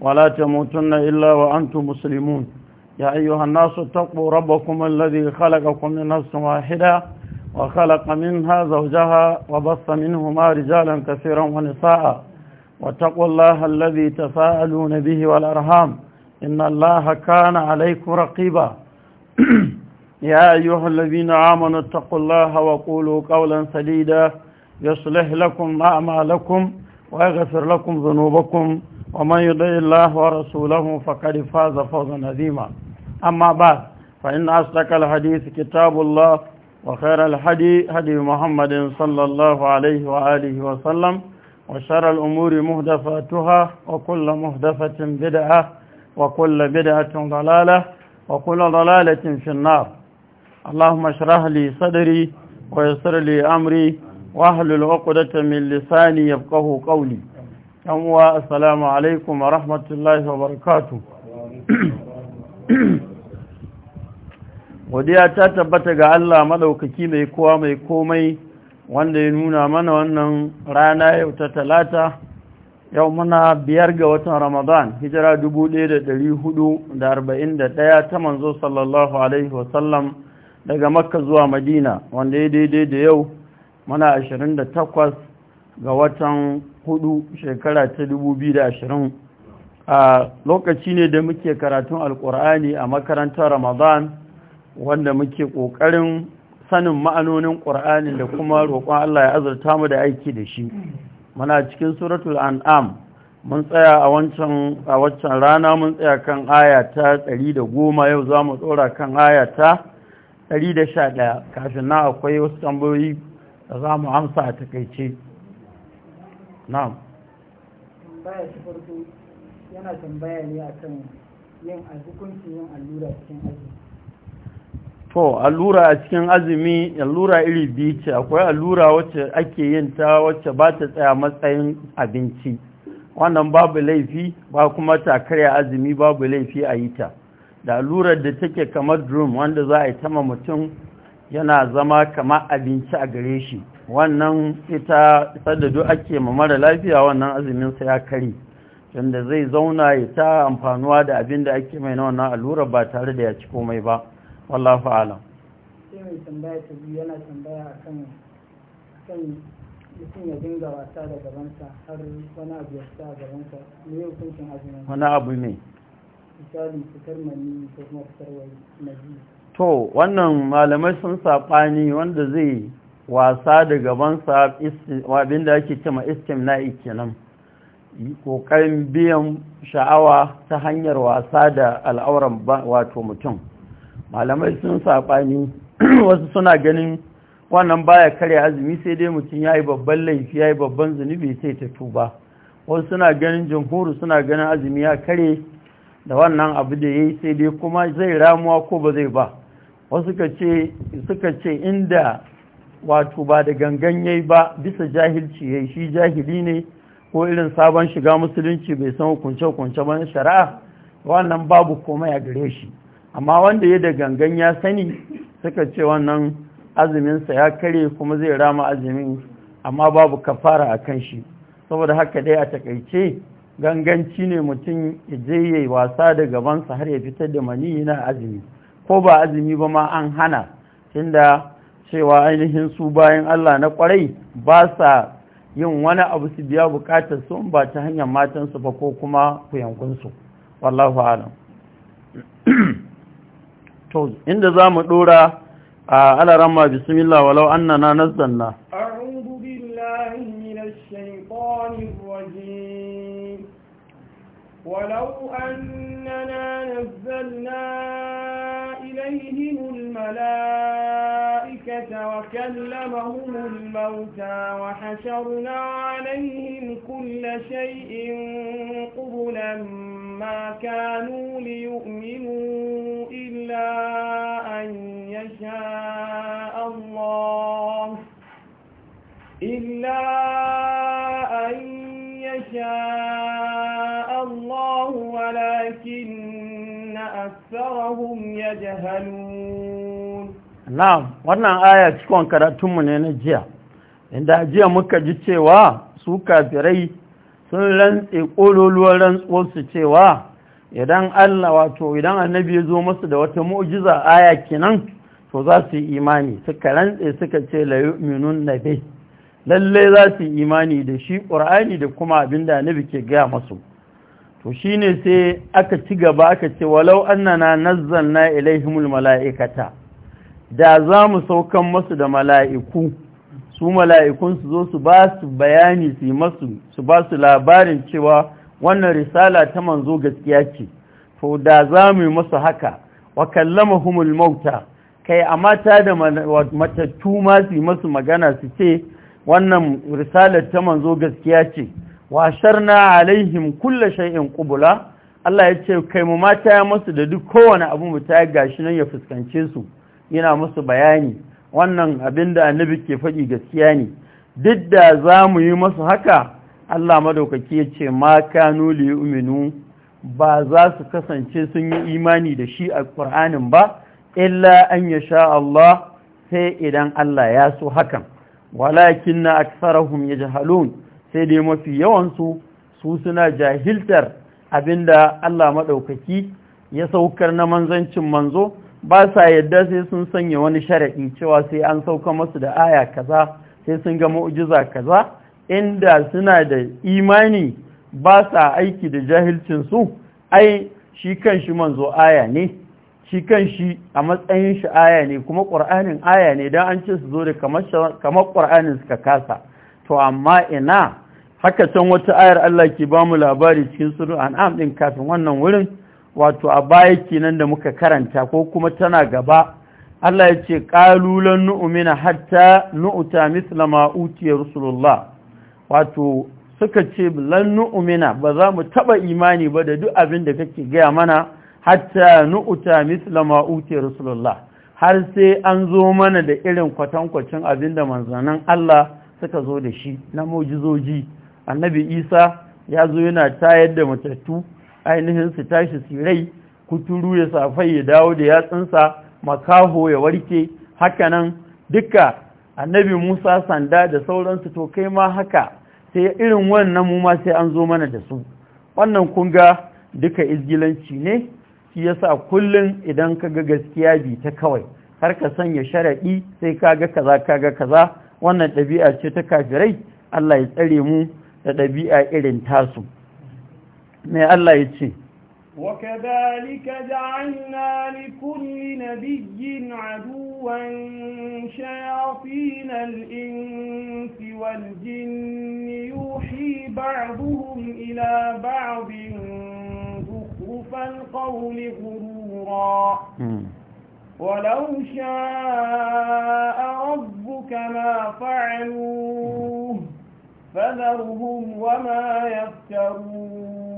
ولا تموتن إلا وأنتم مسلمون يا أيها الناس اتقوا ربكم الذي خلقكم من نفس واحدة وخلق منها زوجها وبص منهما رجالا كثيرا ونساء واتقوا الله الذي تساءلون به والأرهام إن الله كان عليكم رقيبا يا أيها الذين آمنوا اتقوا الله وقولوا قولا سديدا يصلح لكم أعمالكم ويغفر لكم ذنوبكم ومن يطع الله ورسوله فقد فاز فوزا عظيما أما بعد فإن أصدق الحديث كتاب الله وخير الهدي هدي محمد صلى الله عليه وآله وسلم وشر الأمور مهدفاتها وكل مهدفة بدعة وكل بدعة ضلالة وكل ضلالة في النار اللهم اشرح لي صدري ويسر لي أمري واحلل عقدة من لساني يفقه قولي uwa assalamu alaikum wa rahmatullahi wa barakatu godiya ta tabbata ga Allah madaukaki mai kowa mai komai wanda ya nuna mana wannan rana yau ta talata yau muna biyar ga watan ramadan hijira ɗaya, ta manzo sallallahu alaihi wasallam daga makka zuwa madina wanda ya daidai da yau muna 28 ga watan hudu shekara ta ashirin. a lokaci ne da muke karatun alkur'ani a makarantar ramadan wanda muke kokarin sanin ma'anonin ƙur'anin da kuma roƙon Allah ya azurta mu da aiki da shi muna cikin suratul an'am mun tsaya a wancan a waccan rana mun tsaya kan aya ta 110 yau za mu tsora kan aya ta 111 kafin na akwai wasu tambayoyi da za mu amsa a takaice na'am tambaya ta farko yana tambaya ne akan yin hukuncin yin allura cikin azumi to allura a cikin azumi allura iri biyu ce akwai allura wacce ake yin ta wacce ba ta tsaya matsayin abinci wannan babu laifi ba kuma ta karya azumi babu laifi a yi ta da allurar da take kamar drum wanda za a yi tama mutum yana zama kamar abinci a gare shi wannan ita sanda duk ake ma mara lafiya wannan azumin sa ya kari tunda zai zauna ya ta amfanuwa da abin da ake mai na wannan allura ba tare da ya ci komai ba wallahu alam sai mai tambaya ta biyu yana tambaya akan kan mutum ya dinga wasa da gabansa har wani abu ya sa gabansa me ya hukuncin azumin wani abu ne misali fitar mani ko kuma fitar wani to wannan malamai sun saɓani wanda zai wasa da gabansa abin da ake na istimna'i kenan ƙoƙarin biyan sha'awa ta hanyar wasa da al'auran wato mutum malamai sun saɓani wasu suna ganin wannan baya kare azumi sai dai mutum ya yi babban laifi ya yi babban zunubi sai ta tuba wasu suna ganin jamhuru suna ganin azumi ya kare da wannan abu da ya yi sai dai kuma zai ramuwa ko ba zai ba wasu suka ce inda wato ba da gangan yai ba bisa jahilci ya shi jahili ne ko irin sabon shiga musulunci bai san hukunce-hukunce ba shari'a wannan babu komai a gare shi amma wanda ya da gangan ya sani suka ce wannan azuminsa ya kare kuma zai rama azumin amma babu kafara a kan shi saboda haka dai a takaice ganganci ne mutum ya je ya yi wasa da gabansa har ya fitar da mani na azumi ko ba azumi ba ma an hana tunda cewa ainihin su bayan Allah na kwarai ba sa yin wani abu su biya bukatar su ba ta hanyar matansu ba ko kuma ku yankunsu. wallahu alam to inda za mu dora a ma bismillah walau annana nazzanna a'udhu billahi minash shaitanir rajim walau annana nazzalna إليهم الملائكة وكلمهم الموتى وحشرنا عليهم كل شيء قبلا ما كانوا ليؤمنوا إلا أن يشاء الله إلا Wannan يجهلون نعم وانا mu ne na jiya inda jiya muka ji cewa su kafirai sun rantse ƙololuwar rantsuwarsu cewa idan Allah wato idan annabi ya zo masu da wata mu'jiza aya kenan to za su yi imani suka rantse suka ce la yu'minun nabi lalle za su yi imani da shi ƙur'ani da kuma abin da annabi ke gaya masu to shine sai aka ci gaba aka ce walau annana nazzalna ilaihimul mala'ikata da za mu saukan masu da mala'iku su mala'ikun su zo su ba su bayani su yi masu su ba su labarin cewa wannan risala ta manzo gaskiya ce to da za mu yi masu haka wa kallamahumul mauta kai a mata da matattu ma su yi masu magana su ce wannan risalar ta manzo gaskiya ce na alaihim kulle shay'in qubula Allah ya ce kai mu mata ya musu da duk kowane abu mu ta gashi nan ya fuskance su yana musu bayani wannan abin da annabi ke faɗi gaskiya ne duk da za mu yi masu haka Allah madaukaki ya ce ma kanu li yu'minu ba za su kasance sun yi imani da shi a ba illa an ya sha Allah sai idan Allah ya so hakan walakinna aktharuhum yajhalun sai dai mafi yawansu su suna jahiltar abinda Allah maɗaukaki ya saukar na manzancin manzo ba sa yadda sai sun sanya wani sharaɗi cewa sai an sauka masu da aya kaza sai sun ga ma'ujiza kaza inda suna da imani ba sa aiki da jahilcinsu ai shi kan shi manzo aya ne shi kan shi a matsayin shi aya ne kuma ƙur'anin aya ne don an ce su zo da kamar ƙur'anin suka kasa to amma ina haka can wata ayar Allah ke ba mu labari cikin suru an'am din kafin wannan wurin wato a baya kenan da muka karanta ko kuma tana gaba Allah ya ce ƙalulan nu'mina hatta nu'ta misla ma utiya rasulullah wato suka ce lan nu'mina ba za mu taba imani ba da duk abin da kake gaya mana hatta nu'ta misla ma utiya rasulullah har sai an zo mana da irin kwatankwacin abin da manzanan Allah suka zo da shi na mujizoji annabi isa ya zo yana tayar da matattu ainihin su tashi sirai kuturu ya safai ya dawo da yatsunsa makaho ya warke hakanan duka annabi musa sanda da sauransu to kai ma haka sai irin wannan mu ma sai an zo mana da su wannan kunga duka izgilanci ne shi yasa kullum idan kaga gaskiya bi ta kawai har ka sanya sharaɗi sai kaga kaza kaga kaza wannan ɗabi'a ce ta kafirai Allah ya tsare mu da ɗabi'a irin tasu mai Allah ya ce وكذلك جعلنا لكل نبي عدوا شياطين الإنس والجن يوحي بعضهم إلى بعض زخرف القول غرورا ولو شاء ربك ما فعلوه فذرهم وما يفترون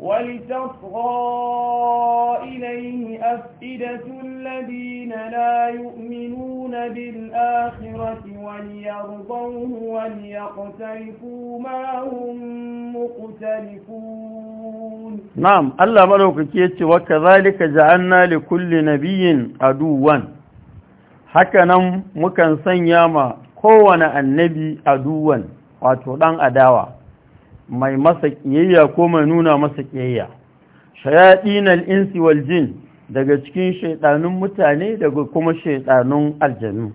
ولتصغى إليه أفئدة الذين لا يؤمنون بالآخرة وليرضوه وليقترفوا ما هم مقترفون نعم الله ملوك كيت وكذلك جعلنا لكل نبي عدوا hakanan mukan sanya ma kowane annabi aduwan wato dan adawa mai masa kiyayya ko mai nuna masa kiyayya shayaɗin al'insi wal jin daga cikin shaiɗanun mutane daga kuma shaiɗanun aljanu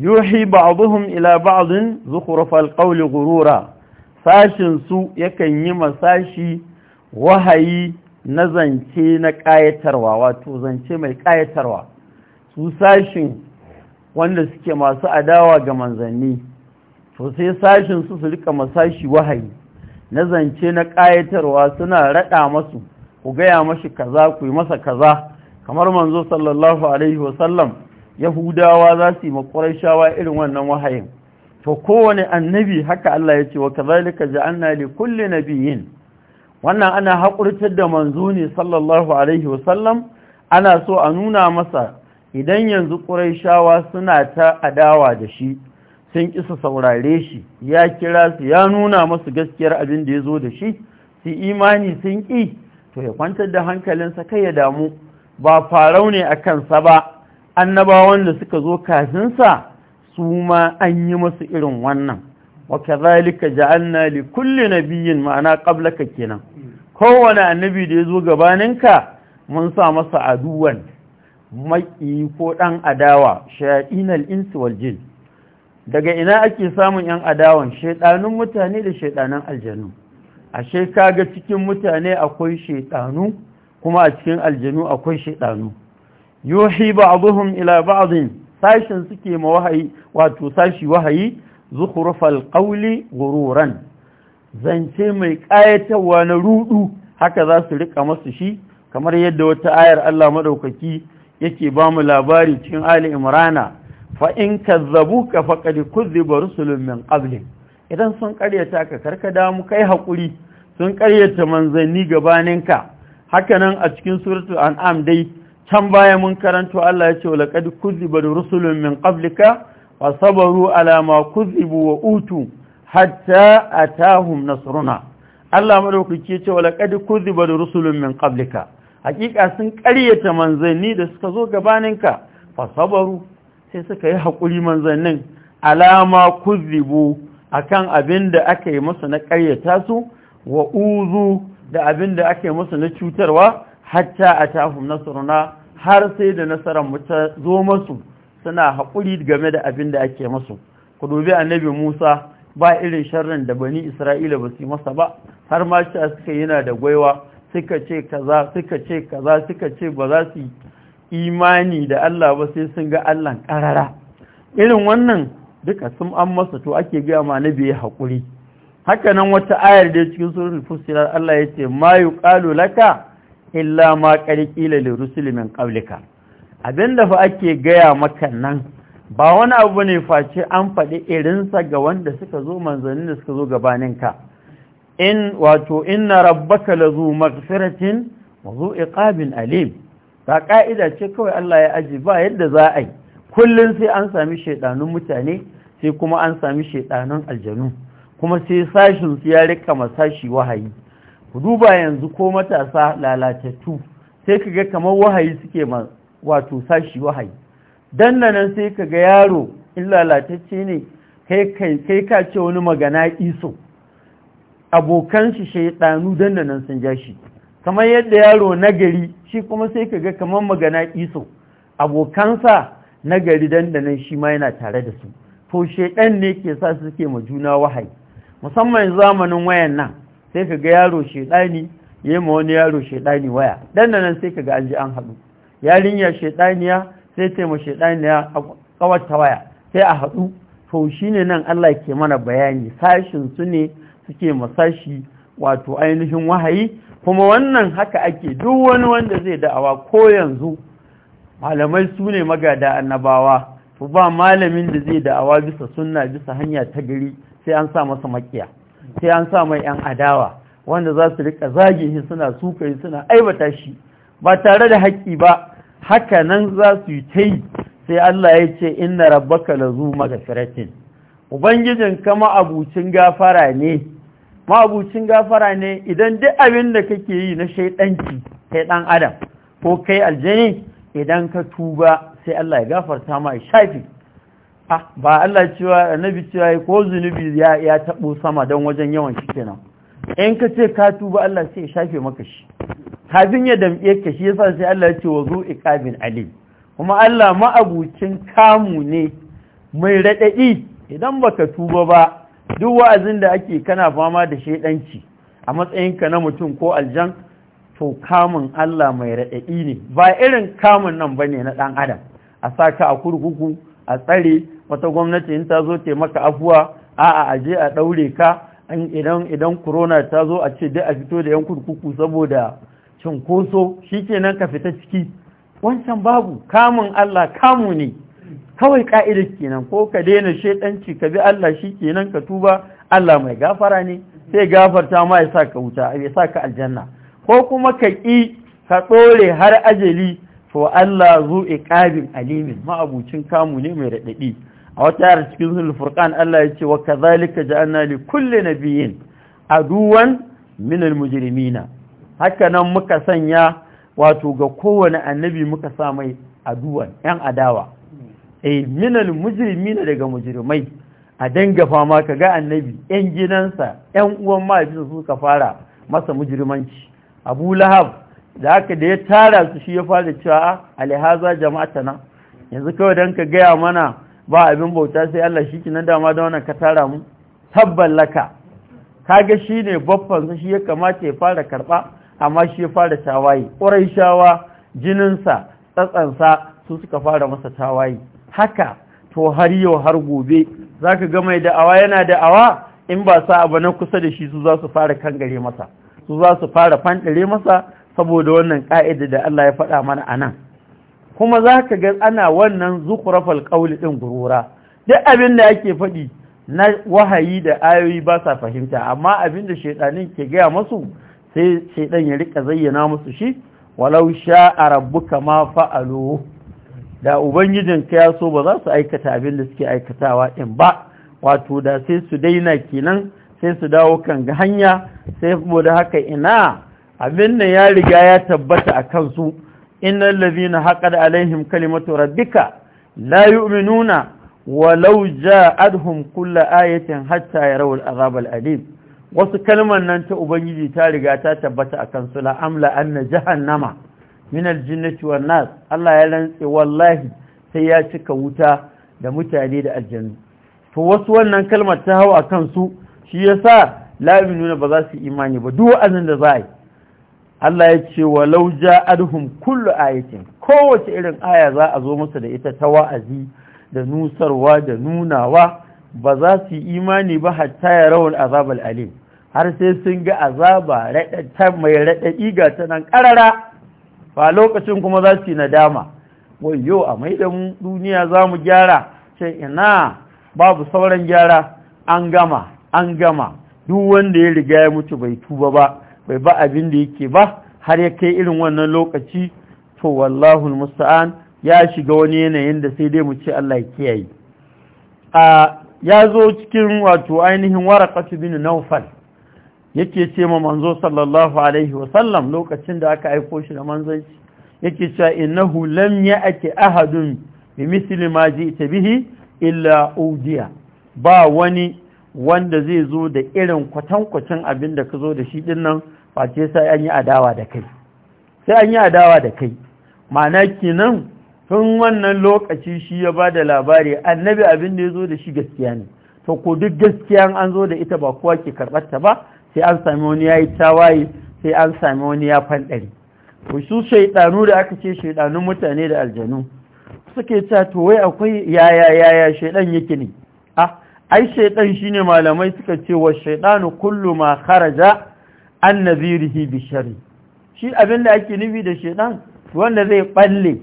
yuhi ba'dhum ila ba'dhin zukhrufal qawli ghurura Sashinsu su yakan yi masashi wahayi na zance na ƙayatarwa wato zance mai ƙayatarwa su sashin wanda suke masu adawa ga manzanni to sai sashin su su rika masashi wahayi na zance na ƙayatarwa suna raɗa masu ku gaya mashi kaza ku yi masa kaza kamar manzo sallallahu alaihi wasallam yahudawa za su yi makwarashawa irin wannan wahayin to kowane annabi haka Allah ya ce wa kazalika ja'alna li kulli nabiyyin wannan ana haƙurtar da manzo ne sallallahu alaihi wasallam ana so a nuna masa idan yanzu ƙuraishawa suna ta adawa da shi sun kisa saurare shi ya kira su ya nuna masu gaskiyar abin da ya zo da shi su imani sun ƙi to ya kwantar da hankalinsa kai ya damu ba farau ne a kansa ba annabawan da suka zo kafinsa su ma an yi masu irin wannan wa kazalika ja'alna li na biyun, ma'ana ka kenan kowane annabi da ya zo gabaninka mun sa masa aduwan maki ko ɗan adawa shayatinal insi wal jinn daga ina ake samun ‘yan adawan shaiɗanun mutane da shaiɗanun aljanu ashe ga cikin mutane akwai shaiɗanu kuma a cikin aljanu akwai shaiɗanu yohi ba'dhum ila ba'dhin sashin suke ma wahayi wato sashi wahayi zukurufal ƙauli ghururan zance mai ƙayatawa na rudu haka za su riƙa masu shi kamar yadda wata ayar Allah maɗaukaki yake ba mu labari cikin Ali Imrana fa in kazzabuka faqad kuzziba rusulun min qablik idan sun ƙaryata ka karka mu kai haƙuri, sun ƙaryata manzanni gabaninka hakanan a cikin suratul an'am dai can baya mun karanto Allah ya ce laqad kuzziba rusulun min qablika wa sabaru ala ma kuzzibu wa utu hatta atahum nasruna Allah madaukaki ya ce laqad kuzziba rusulun min qablika hakika sun ƙaryata manzanni da suka zo gabaninka fa sabaru sai suka yi haƙuri manzannin alama kuzibu akan abin da aka yi masu na ƙaryata su wa uzu da abin da aka yi masu na cutarwa hatta a tafi nasaruna har sai da nasarar mu zo masu suna haƙuri game da abin da ake masu ku dubi annabi musa ba irin sharrin da bani isra'ila ba su yi masa ba har ma shi suka yana da gwaiwa suka ce kaza suka ce kaza suka ce ba za su imani da Allah ba sai sun ga Allah ƙarara irin wannan duka sun an masa to ake gaya ma na biye haƙuri haka nan wata ayar da cikin surun fusilar Allah ya ce ma yi laka illa ma ƙarƙila da rusulimin ƙaulika abin da fa ake gaya maka nan ba wani abu ne face an faɗi irinsa ga wanda suka zo manzanni da suka zo ka in wato inna rabbaka lazu maghfiratin wa zu iqabin alim Ba ka'ida ce kawai Allah ya aji ba yadda za a yi kullum sai an sami shaidanun mutane sai kuma an sami shaidanun aljanu kuma sai sashin su ya rika masashi wahayi ku duba yanzu ko matasa lalatattu sai kaga kamar wahayi suke ma wato sashi wahayi Dan nan sai kaga yaro in lalatacce ne kai ka ce wani magana iso abokan shi shaidanu nan sun ja kamar yadda yaro nagari shi kuma sai ka ga kamar magana iso abokansa nagari dandanan shi ma yana tare da su to shaidan ne ke sa suke ma juna wahayi musamman zamanin wayan nan sai ka ga yaro ya yayi ma wani yaro shaidani waya dandanan sai ka ga an ji an haɗu yarinya shaidaniya sai ta ma shedaniya kawarta waya sai a haɗu to shine nan Allah ke mana bayani sashin su ne suke masashi wato ainihin wahayi kuma wannan haka ake duk wani wanda zai da'awa ko yanzu malamai su ne magada annabawa to ba malamin da zai da'awa bisa sunna bisa hanya ta gari sai an sa masa makiya sai an sa mai yan adawa wanda za su rika zage shi suna sukari suna aibata shi ba tare da haƙƙi ba haka nan za su yi ta yi sai Allah ya ce inna rabbaka lazu magfiratin ubangijin kama abucin gafara ne mabucin gafara ne idan duk abin da kake yi na shaidanci kai ɗan adam ko kai aljini idan ka tuba sai Allah ya gafarta ma ya shafi ah ba Allah cewa annabi cewa ko zunubi ya ya tabo sama dan wajen yawan shi kenan in ka ce ka tuba Allah sai ya shafe maka shi kafin ya damke ka shi yasa sai Allah ya ce wa iqabil kuma Allah ma'abucin kamu ne mai raɗaɗi idan baka tuba ba duk wa'azin da ake kana fama da shaidanci a matsayinka na mutum ko aljan to kamun Allah mai raɗaɗi ne ba irin kamun nan ba ne na ɗan adam a sa ka a kurkuku a tsare wata gwamnati in ta zo taimaka afuwa a'a a je a ɗaure ka idan idan corona ta zo a ce dai a fito da yan kurkuku saboda cinkoso nan ka fita ciki wancan babu kamun Allah kamu ne kawai ka'idar kenan ko ka daina shaidanci ka bi Allah shi kenan ka tuba Allah mai gafara ne sai gafarta ma ya sa ka wuta ya sa ka aljanna ko kuma ka ƙi ka ɗore har ajali to Allah zu iqabin alimin ma'abucin kamu ne mai raɗaɗi a wata yara cikin sunan furqan Allah ya ce wa kadhalika ja'alna li kulli nabiyyin aduwan min almujrimina haka nan muka sanya wato ga kowane annabi muka sa mai aduwan yan adawa eh minal mujrimina daga mujrimai a danga fama ka ga annabi yan gidansa yan uwan mahaifinsa suka fara masa mujrimanci abu lahab da haka da ya tara su shi ya fara cewa ah, alhaza jama'atana yanzu kawai dan ka gaya mana ba abin bauta sai Allah shi kinan dama da wannan ka tara mu tabbalaka kaga shine baffan sa shi ya kamata ya fara karba amma shi ya fara tawaye ƙurai shawa jininsa tsatsansa su suka fara masa tawaye haka to har yau har gobe za ka ga mai da'awa yana da'awa in ba sa abu na kusa da shi su za su fara kangare masa su za su fara fanɗare masa saboda wannan ƙa'ida da Allah ya faɗa mana a nan kuma za ka ga ana wannan zukurafal ƙauli ɗin gurura duk abin da ake faɗi na wahayi da ayoyi ba sa fahimta amma abin da shaiɗanin ke gaya masu sai shaiɗan ya rika zayyana musu shi walau sha a rabbuka ma fa'alu da ubangijinka ya so ba za su aikata abin da suke aikatawa in ba wato da sai su daina kenan sai su dawo kan ga hanya sai da haka ina abin da ya riga ya tabbata a kansu lalazi na haƙar alaihim kalimatu rabbika la yu'minuna walau ja'adhum kullu ayatin hatta ya rawar al wasu kalman nan ta ubangiji ta riga ta tabbata a kansu la amla anna nama. min jinnati wan nas Allah ya rantse wallahi sai ya cika wuta da mutane da aljannu to wasu wannan kalmar ta hawa kan su shi yasa la nuna ba za su imani ba duk wa'azin da za yi Allah ya ce wa law ja'adhum kullu ayatin kowace irin aya za a zo musu da ita ta wa'azi da nusarwa da nunawa ba za su imani ba hatta ya rawar azabal alim har sai sun ga azaba mai raɗaɗi ga ta nan ƙarara Ba lokacin kuma za su yi nadama yau a maida mu duniya za mu gyara ce ina babu sauran gyara an gama an gama duk wanda ya riga ya mutu bai tuba ba bai ba abin da yake ba har ya kai irin wannan lokaci to wallahu musta'an ya shiga wani yanayin da sai dai mu ce Allah ya kiyaye ya zo cikin wato ainihin waraqatu bin nawfal yake ce ma manzo sallallahu alaihi wasallam lokacin da aka aiko shi da manzanci yake cewa innahu lam ya'ti ahadun bi misli ma ji'ta bihi illa udiya ba wani wanda zai zo da irin kwatankwacin abin da ka zo da shi din nan face sai an yi adawa da kai sai an yi adawa da kai ma'ana kenan tun wannan lokaci shi ya ba da labari annabi abin da ya zo da shi gaskiya ne to ko duk gaskiya an zo da ita ba kowa ke karɓarta ba sai an sami wani ya yi tawaye sai an sami wani ya fanɗari su shaidanu da aka ce shaidanun mutane da aljanu suke ta to wai akwai yaya yaya shaiɗan yake ne a ai shi shine malamai suka ce wa shaidanu kullu ma kharaja an nadhirihi bi shari shi abin da ake nufi da shaiɗan wanda zai ɓalle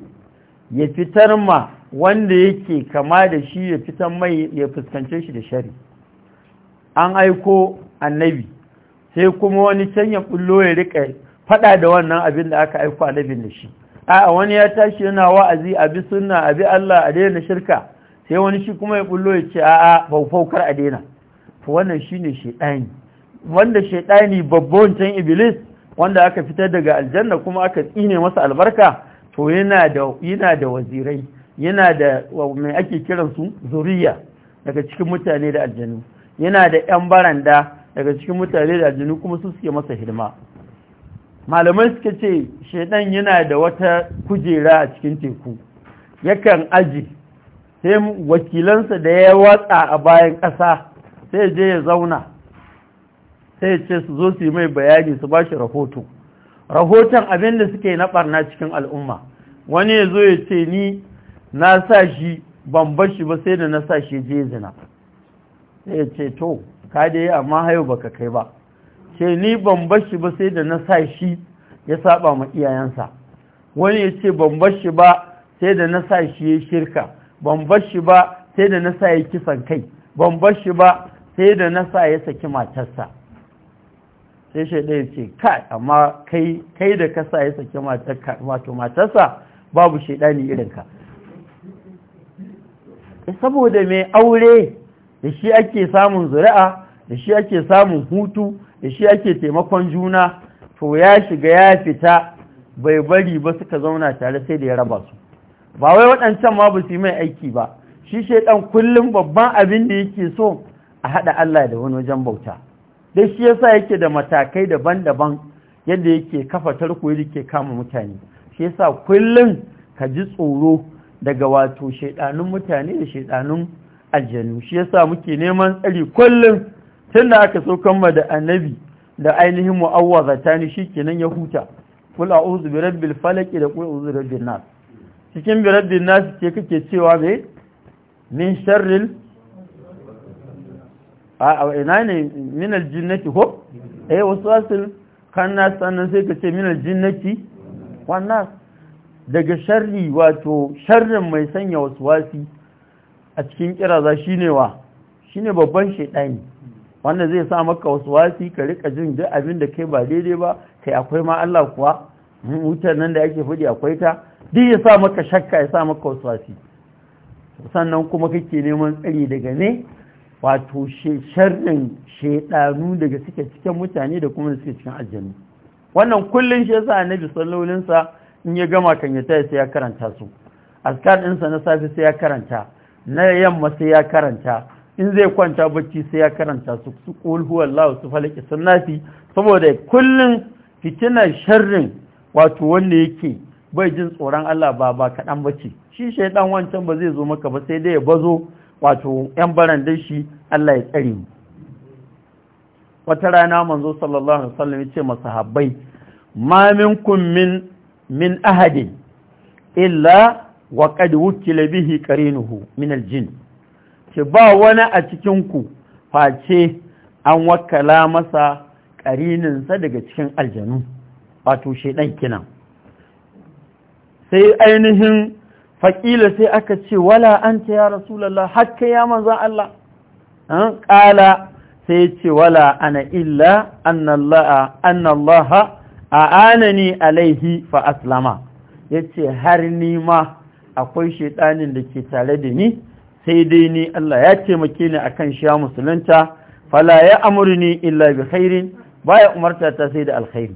ya fitar ma wanda yake kama da shi ya fitar mai ya fuskance shi da shari an aiko annabi sai kuma wani can ya bullo ya rika fada da wannan abin da aka aika annabi da shi a wani ya tashi yana wa'azi a bi sunna a bi Allah a daina shirka sai wani shi kuma ya bullo ya ce a'a faufaukar a daina to wannan shine shedani wanda shedani babban can iblis wanda aka fitar daga aljanna kuma aka tsine masa albarka to yana da yana da wazirai yana da me ake kiransu zuriya daga cikin mutane da aljanu yana da 'yan baranda daga cikin mutane da jini kuma su suke masa hidima malamai suka ce shaidan yana da wata kujera a cikin teku yakan aji sai wakilansa da ya watsa a bayan ƙasa sai je ya zauna sai ce su zo su yi mai bayani su ba shi rahoto rahoton abin da suke na barna cikin al'umma wani ya zo ya ce ni na sa shi ban bar ba sai da na sa shi je zina sai ya ce to ka dai amma hayo baka kai ba ce ni ban bashi ba sai da na sa shi ya saba ma iyayensa wani ya ce ban bashi ba sai da na sa shi ya shirka ban bashi ba sai da na sa ya kisan kai ban bashi ba sai da na sa ya saki matarsa sai shi ɗaya ce kai amma kai kai da ka sa ya saki matarsa babu shaidani ka. saboda mai aure da shi ake samun zuri'a da shi ake samun hutu da shi ake taimakon juna to ya shiga ya fita bai bari ba suka zauna tare sai da ya raba su ba wai waɗancan ma ba su yi mai aiki ba shi shaidan kullum babban abin da yake so a haɗa Allah da wani wajen bauta dai shi yasa yake da matakai daban-daban yadda yake kafa tarko yake kama mutane shi yasa kullum ka ji tsoro daga wato shaidanun mutane da shaidanun aljanu shi yasa muke neman tsari kullum tun da aka saukan ma da annabi da ainihin ni shi kenan ya huta kul a'udhu bi rabbil falaq da kul a'udhu bi rabbin nas cikin bi rabbin nas ke kake cewa be min sharril a ina ne min jinnati ko eh waswasil kan nas sannan sai ka ce min aljinnati wannan daga sharri wato sharrin mai sanya waswasi a cikin kiraza shine wa shine babban shaytani wanda zai sa maka wasu wasi ka rika jin duk abin da kai ba daidai ba kai akwai ma Allah kuwa hmm, wutar nan da ake fadi akwai ta duk ya sa maka shakka ya sa maka wasu wasi sannan kuma kake neman tsari daga ne wato sharrin shaidanu daga suke cikin mutane da kuma suke cikin aljanu wannan kullun shi yasa annabi sallallahu wasallam in ya gama kan ya tayi sai ya karanta su askar dinsa na safe sai ya karanta na yamma sai ya karanta in zai kwanta bacci sai ya karanta su su qul huwallahu su falaki sunnati saboda kullum fitinar sharrin wato wanda yake bai jin tsoron Allah ba ba kaɗan bacci shi ɗan wancan ba zai zo maka ba sai dai ya bazo wato yan barandan shi Allah ya tsare mu wata rana manzo sallallahu alaihi wasallam ya ce masahabbai ma minkum min min ahadin illa wa qad wukila bihi qarinuhu min aljin. Ki ba wani a cikinku face an wakala masa ƙarininsa daga cikin aljanu wato shaidan kinan sai ainihin faƙila sai aka ce wala an ta ya rasulallah haka ya manzan Allah an ƙala sai ya ce wala ana illa annallaha a anani alaihi fa aslama ya ce har nima akwai shaidanin da ke tare da ni sai dai ni Allah ya taimake ni akan shi ya musulunta fala ya amurni illa bi khairin baya umarta ta sai da alkhairi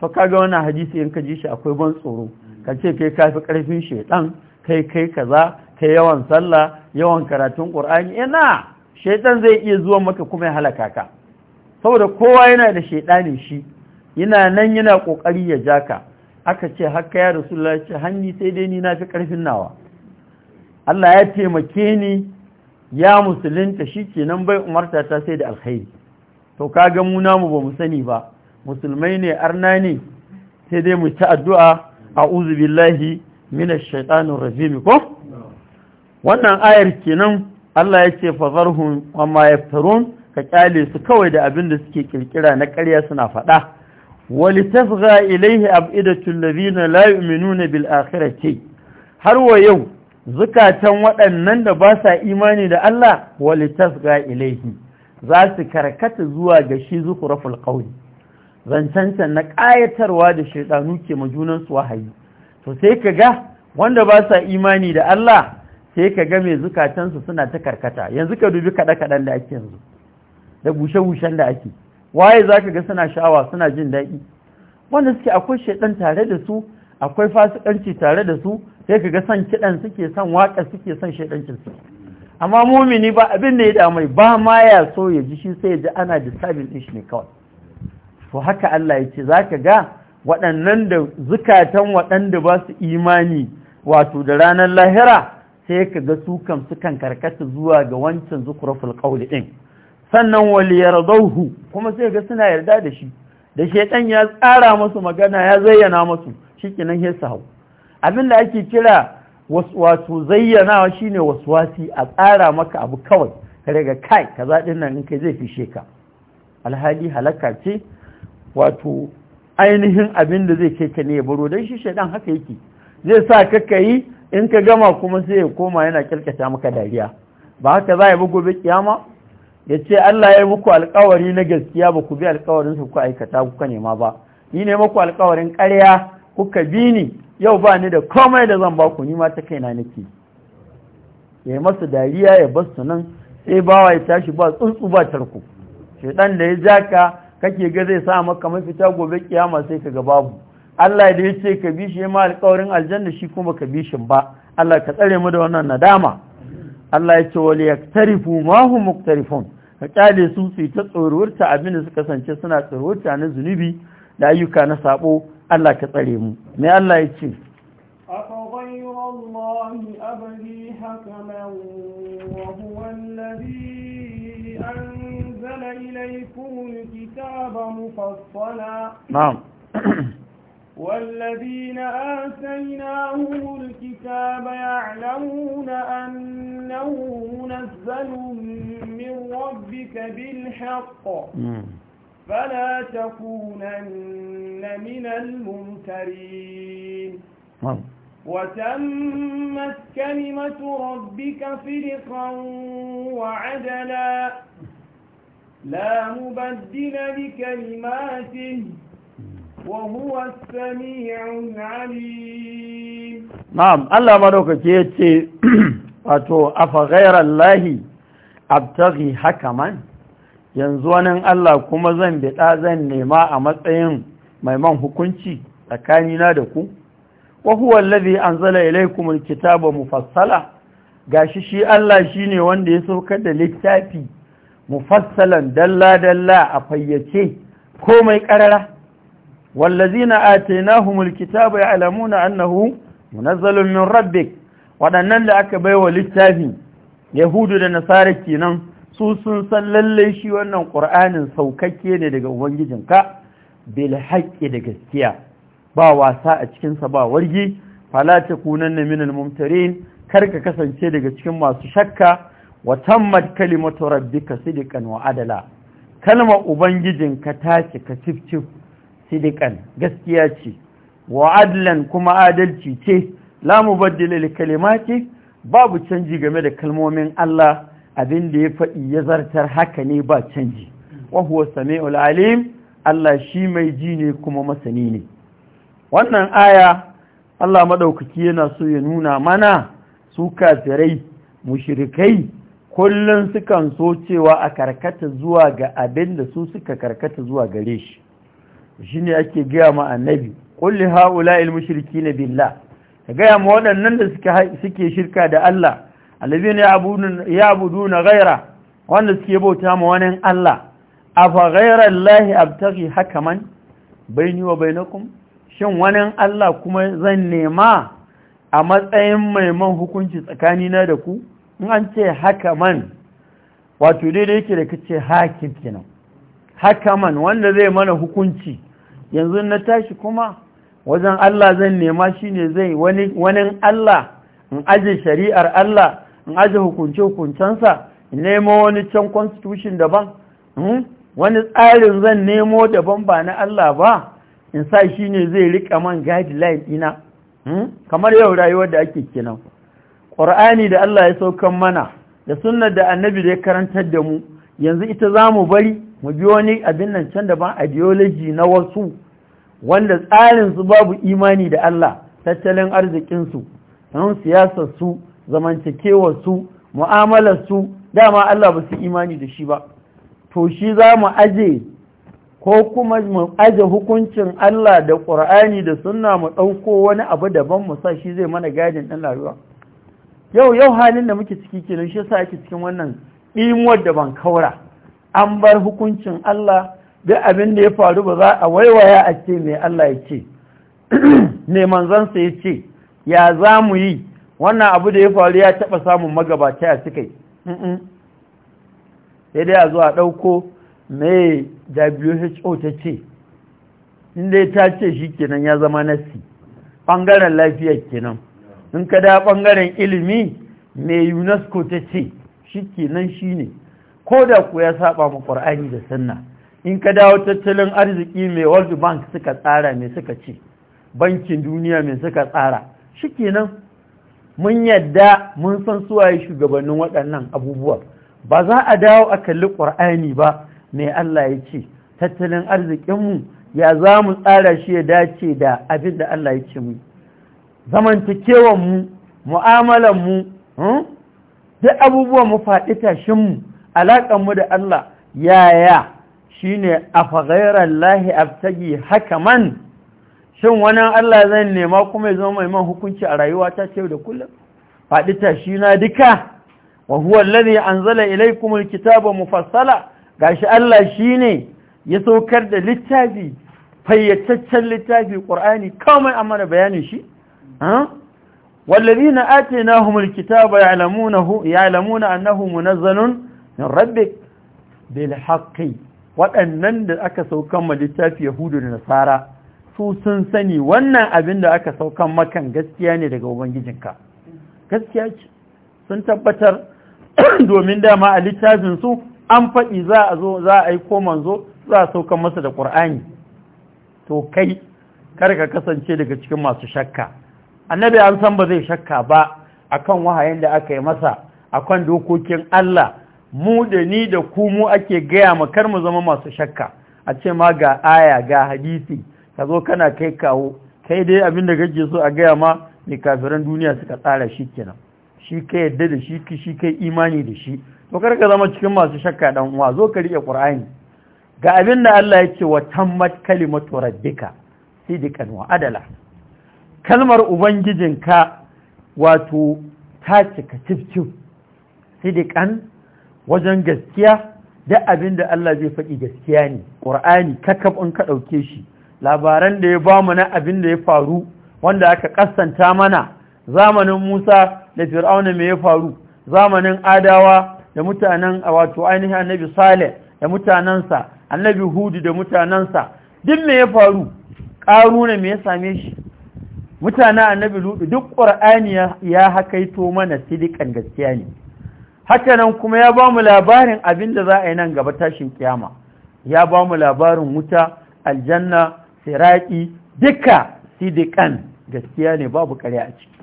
to kaga wannan hadisi in ka ji shi akwai ban tsoro ka ce kai ka fi karfin shaytan kai kai kaza kai yawan sallah yawan karatun qur'ani ina shaytan zai iya zuwa maka kuma ya halaka ka saboda kowa yana da shaytani shi yana nan yana kokari ya jaka aka ce haka ya rasulullahi ce hanni sai dai ni na fi karfin nawa Allah ya taimake ni ya musulunta shi kenan bai umarta ta sai da alkhairi to ka kaga mu namu ba mu sani ba musulmai ne arna ne sai dai mu ci addu'a a'udhu billahi minash shaitanir rajim ko wannan ayar kenan Allah ya ce fazarhum amma yaftarun ka kyale su kawai da abin da suke kirkira na ƙarya suna faɗa wali tasgha ilayhi abidatul ladina la yu'minuna bil akhirati har wa yau zukatan waɗannan da ba sa imani da Allah wali tasga ilaihi za su karkata zuwa ga shi zukuraful Zan zancancan na ƙayatarwa da shaidanu ke majunan su wahayi to sai ka wanda ba sa imani da Allah sai kaga ga mai zukatansu suna ta karkata yanzu ka dubi kaɗe-kaɗen da ake yanzu da bushe-bushen da ake waye zaka ga suna sha'awa suna jin daɗi wanda suke akwai shaidan tare da su akwai fasikanci tare da su sai kaga san kiɗan suke san waƙa suke son shedancin su amma mumini ba abin da ya da mai ba ma ya so ya ji shi sai ya ji ana disturbing din shi ne kawai to haka Allah ya ce zaka ga waɗannan da zukatan waɗanda ba su imani wato da ranar lahira sai ka ga su kam sukan karkata zuwa ga wancan zukuraful qauli din sannan yardahu kuma sai ga suna yarda da shi da shedan ya tsara musu magana ya zayyana musu Kinan ya abin da ake kira wato zayyanawa shine waswasi a tsara maka abu kawai kare ga kai Ka din nan in kai zai fishe ka alhali halaka ce wato ainihin abin da zai kai ka ne ya baro don shi shaidan haka yake zai sa ka kayi in ka gama kuma sai ya koma yana kirkata maka dariya ba haka za a bi gobe kiyama ya ce Allah ya yi muku alkawari na gaskiya ba ku bi alkawarinsa ku aikata kuka nema ba ni ne muku alkawarin ƙarya kuka bi ni yau ba ni da komai da zan ba ku ni ma ta kaina nake ya yi masa dariya ya bar nan sai bawa ya tashi ba tsuntsu ba tarko shaidan da ya ja ka, kake ga zai sa maka mafita gobe kiyama sai ka ga babu Allah da ya ce ka bi shi ma alƙawarin aljanna shi kuma ka bi shi ba Allah ka tsare mu da wannan nadama Allah ya ce wal yaktarifu ma hum muktarifun ka kyale su su ta tsorurta abin da suka kasance suna tsorurta na zunubi da ayyuka na sabo Allah ka tsare mu mai Allah ya ce أفغير الله أبغي حكما وهو الذي أنزل إليكم الكتاب مفصلا نعم والذين آتيناهم الكتاب يعلمون أنه منزل من ربك بالحق فلا تكونن من الممترين وتمت كلمة ربك فرقا وعدلا لا مبدل لكلماته وهو السميع العليم نعم الله مدوكك يتي واتو أفغير الله أبتغي حكما yanzu wani Allah kuma zan biɗa zan nema a matsayin mai man hukunci tsakanina da ku wa huwa allazi anzala ilaykum alkitaba mufassala gashi shi Allah shine wanda ya saukar da littafi mufassalan dalla dalla a fayyace ko komai karara wallazina atainahumul alamu ya'lamuna annahu munazzalun min rabbik wadannan da aka baiwa littafi yahudu da nasara kenan su sun san lallai shi wannan ƙur'anin saukakke ne daga ubangijinka bil haƙƙi da gaskiya ba wasa a cikinsa ba wargi falata kunan na minal mumtarin kar ka kasance daga cikin masu shakka wa tammat kalimatu rabbika sidqan wa adala kalmar ubangijinka ta cika cif sidikan gaskiya ce wa adlan kuma adalci ce la mubaddila li kalimati babu canji game da kalmomin Allah abin da ya faɗi ya zartar haka ne ba canji wahuwa sami'ul alim Allah shi mai ji ne kuma masani ne wannan aya Allah maɗaukaki yana so ya nuna mana su kafirai mushrikai kullum sukan so cewa a karkata zuwa ga abin da su suka karkata zuwa gare shi shi ne ake gaya ma annabi kulli ha'ula'il mushirki na billah ka gaya ma waɗannan da suke shirka da Allah allazina ya'buduna ghayra wanda suke bauta ma wani Allah afa ghayra Allah abtaghi hakaman baini wa bainakum shin wani Allah kuma zan nema a matsayin mai man hukunci tsakanina da ku in an ce hakaman wato daidai yake da kace hakim kenan hakaman wanda zai mana hukunci yanzu na tashi kuma wajen Allah zan nema shine zai wani Allah in aje shari'ar Allah in aje hukunce-hukuncensa nemo wani can constitution daban hmm? wani tsarin zan nemo daban ba na Allah ba in sa shi ne zai riƙa man guideline ina hmm? kamar yau rayuwar da ake kenan ƙwar'ani da Allah ya saukan mana da sunnar da annabi da ya karantar da mu yanzu ita za mu bari mu bi wani abin nan can daban ideology na wasu wanda tsarin su babu imani da Allah tattalin arzikinsu don hmm? siyasarsu zamantakewarsu mu'amalarsu dama Allah ba su imani da shi ba to shi za mu aje ko kuma mu aje hukuncin Allah da ƙur'ani da sunna mu ɗauko wani abu daban mu sa shi zai mana gadin ɗan rayuwa yau yau halin da muke ciki kenan shi yasa ake cikin wannan ɗimuwar da ban kaura an bar hukuncin Allah duk abin da ya faru ba za a waiwaya a ce mai Allah ya ce mai manzansa ya ce ya za mu yi wannan abu da ya faru ya taɓa samun magabata ya suka yi sai dai a zuwa ɗauko mai who ta ce inda ta ce shi kenan ya zama nasi ɓangaren lafiyar kenan in ka da ɓangaren ilimi mai unesco ta ce shi kenan shi ne ko da ku ya saba ma ƙwar'ani da sanna in ka dawo tattalin arziki mai world bank suka tsara mai suka ce bankin duniya mai suka tsara shi kenan mun yadda mun san suwaye shugabannin waɗannan abubuwa ba za a dawo a kalli ƙwar'ani ba mai Allah ya ce tattalin arzikinmu ya za mu tsara shi ya dace da abin da Allah ya ce mu zamantakewanmu mu'amalanmu hmm? duk abubuwan mu faɗi tashinmu alaƙanmu da Allah yaya shine a fagairar lahi haka hakaman shin wani Allah zan nema kuma ya zama mai man hukunci a rayuwa ta ce da kullum faɗi shi na duka wa huwa allazi anzala ilaykumul kitaba mufassala shi Allah shine ya saukar da littafi fayyataccen littafi Al-ƙur'ani. kawai amma da bayanin shi والذين آتيناهم الكتاب يعلمونه يعلمون أنه منزل من ربك بالحق waɗannan da aka saukan ma littafi yahudu da nasara su sun sani wannan abin da aka saukan makan gaskiya ne daga ubangijinka gaskiya ce sun tabbatar domin dama a littafin su an faɗi za a zo za a yi koman zo za a saukan masa da ƙur'ani to kai kar ka kasance daga cikin masu shakka annabi an san ba zai shakka ba A kan wahayen da aka yi masa a kan dokokin Allah mu da ni da ku mu ake gaya ma kar mu zama masu shakka a ce ma ga aya ga hadisi ka zo kana kai kawo kai dai abin da kake so a gaya ma mai kafiran duniya suka tsara shi kenan shi kai yadda da shi shi kai imani da shi to kar ka zama cikin masu shakka dan uwa zo ka rike qur'ani ga abin da Allah ya ce wa tammat kalimatu rabbika sidikan wa adala kalmar ubangijinka wato ta cika cif sidikan wajen gaskiya da abin da Allah zai faɗi gaskiya ne ƙur'ani ka kafin ka ɗauke shi labaran da ya ba mu na abin da ya faru wanda aka kasanta mana zamanin Musa da Fir'auna me ya faru zamanin Adawa da mutanen wato ainihin Annabi Saleh da mutanansa Annabi Hud da mutanansa duk me ya faru Karuna me ya same shi mutanen Annabi Lut duk Qur'ani ya hakaito mana sidikan gaskiya ne haka nan kuma ya ba mu labarin abin da za a yi nan gaba tashin kiyama ya ba mu labarin wuta aljanna siraki duka sidikan gaskiya ne babu ƙarya a ciki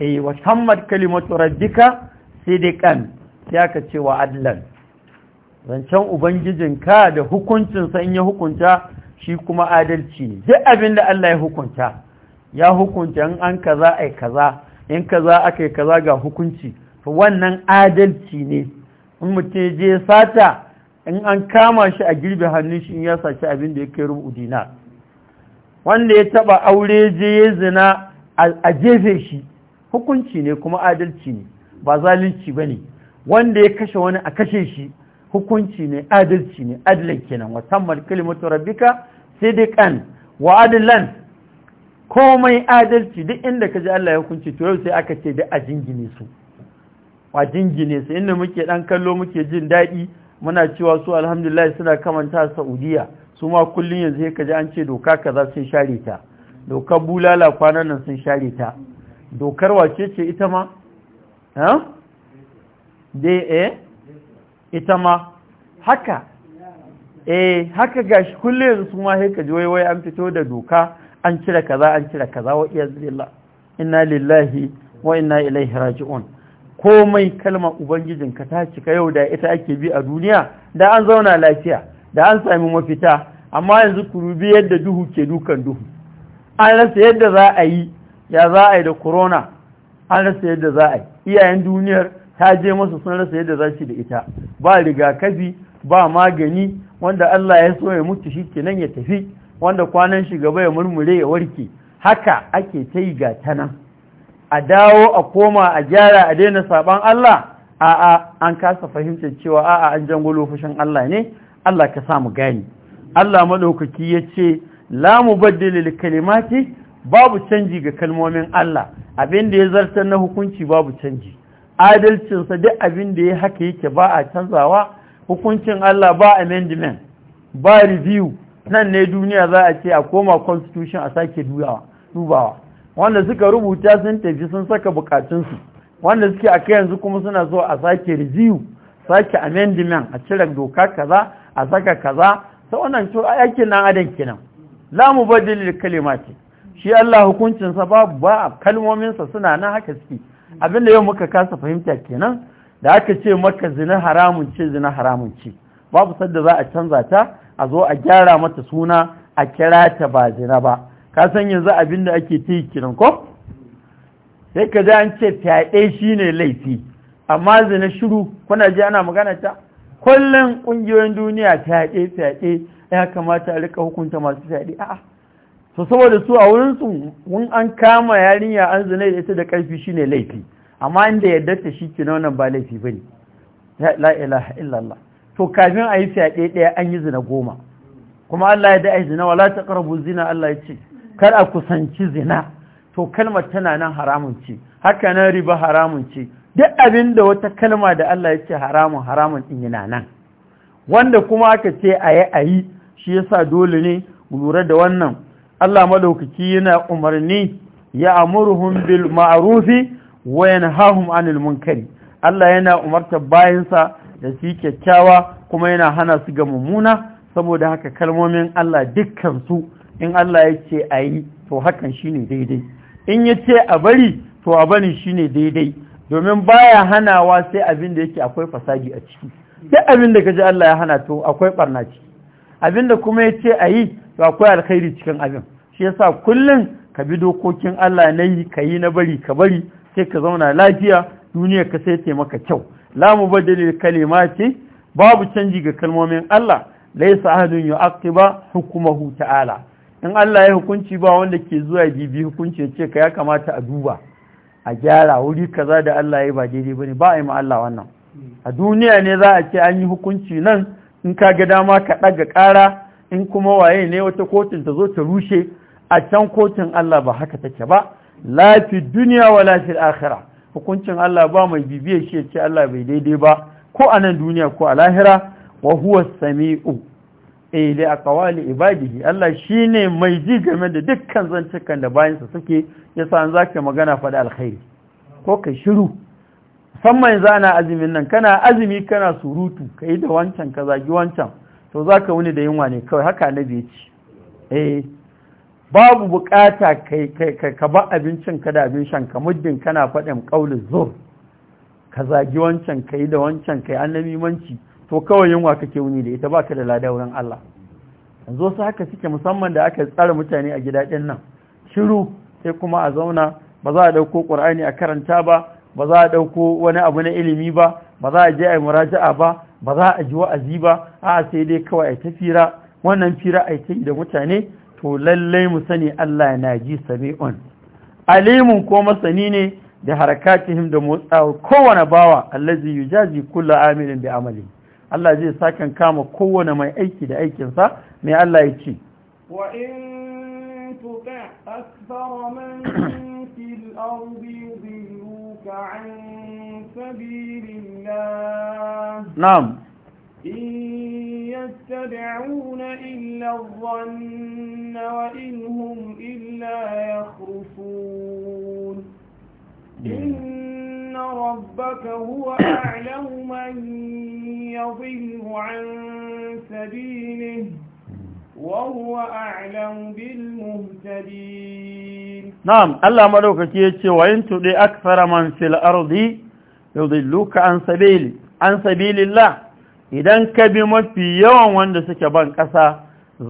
eh wa tammad kalimatu rabbika sidikan sai aka ce wa adlan zancen ubangijinka da hukuncin san ya hukunta shi kuma adalci ne duk abin da Allah ya hukunta ya hukunta in an kaza ai kaza in kaza akai kaza ga hukunci to wannan adalci ne in mutum je sata in an kama shi a girbe hannun shi in ya saci abin da ya kai rubu dinar wanda ya taba aure je ya zina a jefe shi hukunci ne kuma adalci ne ba zalunci ba ne wanda ya kashe wani a kashe shi hukunci ne adalci ne adalin kenan wasamman kalimatu rabbika sidiqan wa adlan komai adalci duk inda kaji Allah ya hukunci to yau sai aka ce da a jingine su wa jingine su inda muke dan kallo muke jin daɗi muna cewa su alhamdulillah suna kamanta Saudiya su ma kullum yanzu ka ji an ce doka kaza sun share ta dokar bulala kwanan nan sun share ta dokar wace ce ita ma? da eh? ita ma haka eh haka gashi kullum yanzu su ma haika ji waiwai an fito da doka an cire kaza an cire kaza wa iya zillah inna lillahi wa inna ilaihi raji'un komai kalma ubangijinka ta cika yau da ita ake bi a duniya da an zauna lafiya da an sami mafita amma yanzu ku rubi yadda duhu ke dukan duhu an rasa yadda za a yi ya za a yi da korona. an rasa yadda za a yi iyayen duniyar ta je masu sun rasa yadda za su da ita ba rigakafi ba magani wanda Allah ya so ya mutu shi kenan ya tafi wanda kwanan shi gaba ya murmure ya warke haka ake ta yi ga ta nan a dawo a koma a gyara a daina saban Allah a'a an kasa fahimtar cewa a'a an jangolo fushin Allah ne Allah ka mu gani Allah ya ce la mubaddila li kalimati babu canji ga kalmomin Allah abin da ya zartar na hukunci babu canji adalcinsa duk abin da ya haka yake ba a canzawa hukuncin Allah ba amendment ba review nan ne duniya za a ce a koma constitution a sake dubawa wanda suka rubuta sun tafi sun saka bukatunsu wanda suke a kai yanzu kuma suna so a sake review sake amendment a cire doka kaza a saka kaza ta wannan to aikin nan adan kenan la mubaddil kalimati shi Allah hukuncinsa babu ba kalmominsa suna nan haka suke abinda yau muka kasa fahimta kenan da aka ce maka zina haramun ce zina haramun ce babu sadda za a canza ta a zo a gyara mata suna a kira ta ba zina ba ka san yanzu abinda ake ta yi kiran ko sai ka ji an ce fyaɗe shine laifi amma zina shiru kuna ji ana magana ta kullum ƙungiyoyin duniya fyaɗe fyaɗe ya kamata a rika hukunta masu fyaɗe a'a su saboda su a wurinsu mun an kama yarinya an zina da ita da ƙarfi shine laifi amma inda yadda ta shi ke nan ba laifi ba ne. illallah to kafin a yi fyaɗe ɗaya an yi zina goma kuma Allah ya da zina wala ƙarfi zina Allah ya ce kar a kusanci zina to kalmar tana nan haramun ce haka nan riba haramun ce duk abin da wata kalma da Allah ya ce haramun haramun ɗin yana nan wanda kuma aka ce a yi a yi shi ya sa dole ne lura da wannan Allah maɗaukaki yana umarni ya amurhum bil wayan wa yanhahum anil munkari Allah yana umartar bayansa da su kyakkyawa kuma yana hana su ga mummuna saboda haka kalmomin Allah dukkan su in Allah ya ce a yi to hakan shine daidai in ya ce a bari to a bari shine daidai domin baya hanawa sai abin da yake akwai fasadi a ciki sai abin da kaji Allah ya hana to akwai barna ciki abin da kuma yace ayi to akwai alkhairi cikin abin shi yasa kullun ka bi dokokin Allah na yi na bari ka bari sai ka zauna lafiya duniya ka sai ta maka kyau la mubaddalil kalimati babu canji ga kalmomin Allah laysa ahadun yu'aqiba hukumahu ta'ala in Allah ya hukunci ba wanda ke zuwa bibi hukunci ya ce ka ya kamata a duba a gyara wuri kaza da Allah ya yi ba daidai ba ne ba a yi ma wannan a duniya ne za a ce an yi hukunci nan in ka ga dama ka ɗaga ƙara in kuma waye ne wata kotun ta zo ta rushe a can kotun Allah ba haka take ba lafi duniya wa lafi akhira hukuncin Allah ba mai bibiye shi ya ce Allah bai daidai ba ko a nan duniya ko a lahira wa huwa sami'u eh a kawali ibadihi Allah shi ne mai ji game da dukkan zancikan da bayansa suke yasa an ka magana faɗi alkhairi ko ka shiru musamman za zana azumin nan kana azumi kana surutu ka yi da wancan ka zagi wancan to za ka wuni da yunwa ne kawai haka na ya ce eh babu bukata ka ba abincin ka da abin shan ka muddin kana faɗin ƙaunin zur ka zagi wancan ka yi da wancan kai annabi manci to kawai yunwa kake wuni da ita baka da lada wurin Allah yanzu sai haka suke musamman da aka tsara mutane a gida din nan shiru sai kuma a zauna ba za a dauko qur'ani a karanta ba ba za a dauko wani abu na ilimi ba ba za a je a muraja'a ba ba za a ji wa'azi ba a sai dai kawai a tafira wannan fira a ta yi da mutane to lallai mu sani Allah na ji sami'un alimun ko masani ne da harakatihim da motsawa kowane bawa allazi yujazi kullu amilin bi amali Allah zai sakan kama kowane mai aiki da aikinsa mai Allah ya ce wa in tuta akthara man fil ardi yudilluka na'am يتبعون إلا الظن وإن هم إلا يخرصون إن ربك هو أعلم من يضل عن سبيله وهو أعلم بالمهتدين نعم الله ملوك كيتي وإن تدي أكثر من في الأرض يضلوك عن سبيل عن سبيل الله idan ka bi mafi yawan wanda suke ban ƙasa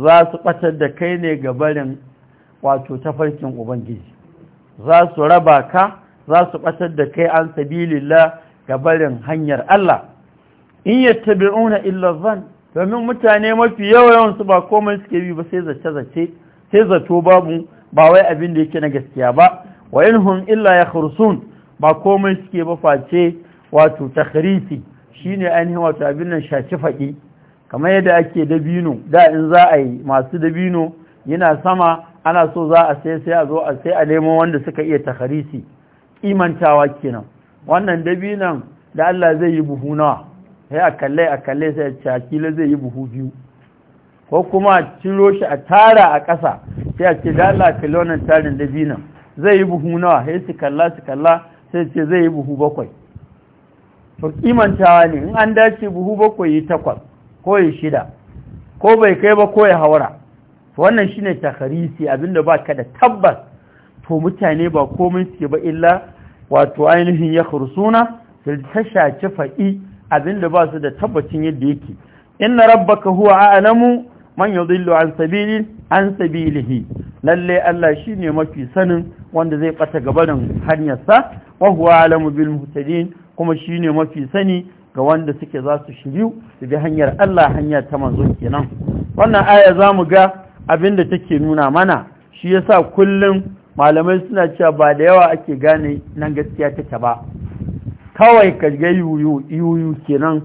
za su ɓatar da kai ne gabarin wato tafarkin ubangiji za su raba ka za su ɓatar da kai an sabilillah ga barin hanyar Allah in yattabi'una illa zan domin mutane mafi yawan su ba komai suke bi ba sai zace zace sai zato babu ba wai abin da yake na gaskiya ba wa inhum illa yakhrusun ba komai suke ba face wato takhrifi shine ainihin wato abin nan shaci faɗi kamar yadda ake dabino da in za a yi masu dabino yana sama ana so za a sai sai a zo a sai a nemo wanda suka iya takarisi imantawa kenan wannan dabinan da Allah zai yi buhu nawa sai a kalle a kalle sai cakila zai yi buhu biyu ko kuma a ciro shi a tara a ƙasa sai a ce da Allah kalle wannan tarin dabinan zai yi buhu nawa sai su kalla su kalla sai ce zai yi buhu bakwai to imantawa ne in an dace buhu bakwai yi takwas ko yi shida ko bai kai ba ko ya haura wannan shine takarisi abinda baka da tabbas to mutane ba komai suke ba illa wato ainihin ya kursuna su ta shaci faɗi abinda ba su da tabbacin yadda yake inna rabbaka huwa a'lamu man yadhillu an sabili an sabilihi lalle Allah shine mafi sanin wanda zai bata gabanin hanyarsa wa huwa a'lamu bil muhtadin kuma shine mafi sani ga wanda suke za su shiryu su bi hanyar Allah hanya ta manzo kenan wannan aya zamu ga abinda take nuna mana shi yasa kullum malamai suna cewa ba da yawa ake gane nan gaskiya take ba kawai ka ga yuyu yuyu kenan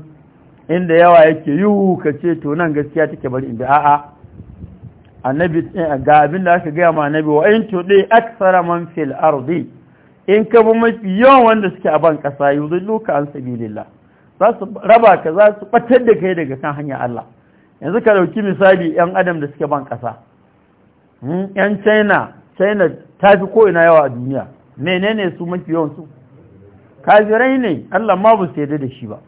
inda yawa yake yuyu ka ce to nan gaskiya take bari inda a'a annabi eh, ga abin da aka gaya ma annabi wa in dai aksara man fil ardi in ka bi mafi yawan wanda suke a ban kasa yuzilluka an sabilillah za su raba ka za su batar da kai daga kan hanyar Allah yanzu ka dauki misali yan adam da suke ban kasa yan hmm, China China ta fi ko'ina yawa a duniya menene su mafi yawansu kafirai ne allah ma ba su yadda da shi ba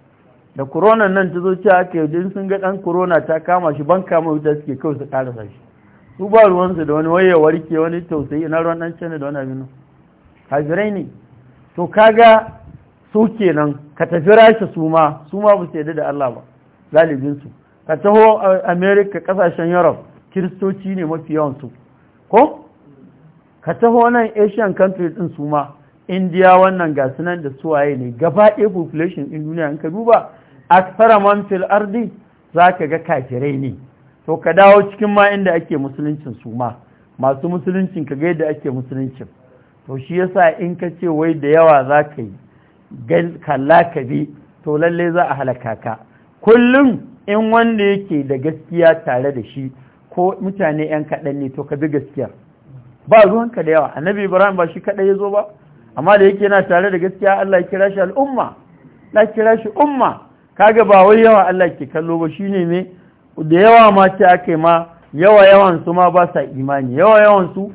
da korona nan ta zo cewa aka yi sun ga dan korona ta kama shi ban kama wuta suke kawai su karasa shi su ba ruwansu da wani waye warke wani tausayi na ruwan dan cana da wani abinu kafirai ne to kaga su kenan ka tafi rasha su ma su ma ba su yadda da allah ba galibinsu ka taho america kasashen europe kiristoci ne mafi yawansu ko ka taho nan asian countries din su ma indiya wannan ga nan da suwaye ne gaba ɗaya population duniya in ka duba aksara man fil ardi za ka ga kafirai ne to ka dawo cikin ma inda ake musuluncin su ma masu musuluncin ka ga yadda ake musuluncin to shi yasa in ka ce wai da yawa za ka yi kalla ka bi to lalle za a halaka ka kullum in wanda yake da gaskiya tare da shi ko mutane 'yan kaɗan ne to ka bi gaskiya ba ruwanka da yawa annabi ibrahim ba shi kadai ya zo ba amma da yake yana tare da gaskiya Allah ya kira shi al'umma la kira shi umma kaga ba wai yawa Allah ke kallo ba shine me da yawa ma ce akai ma yawa yawan su ma ba sa imani yawa yawan su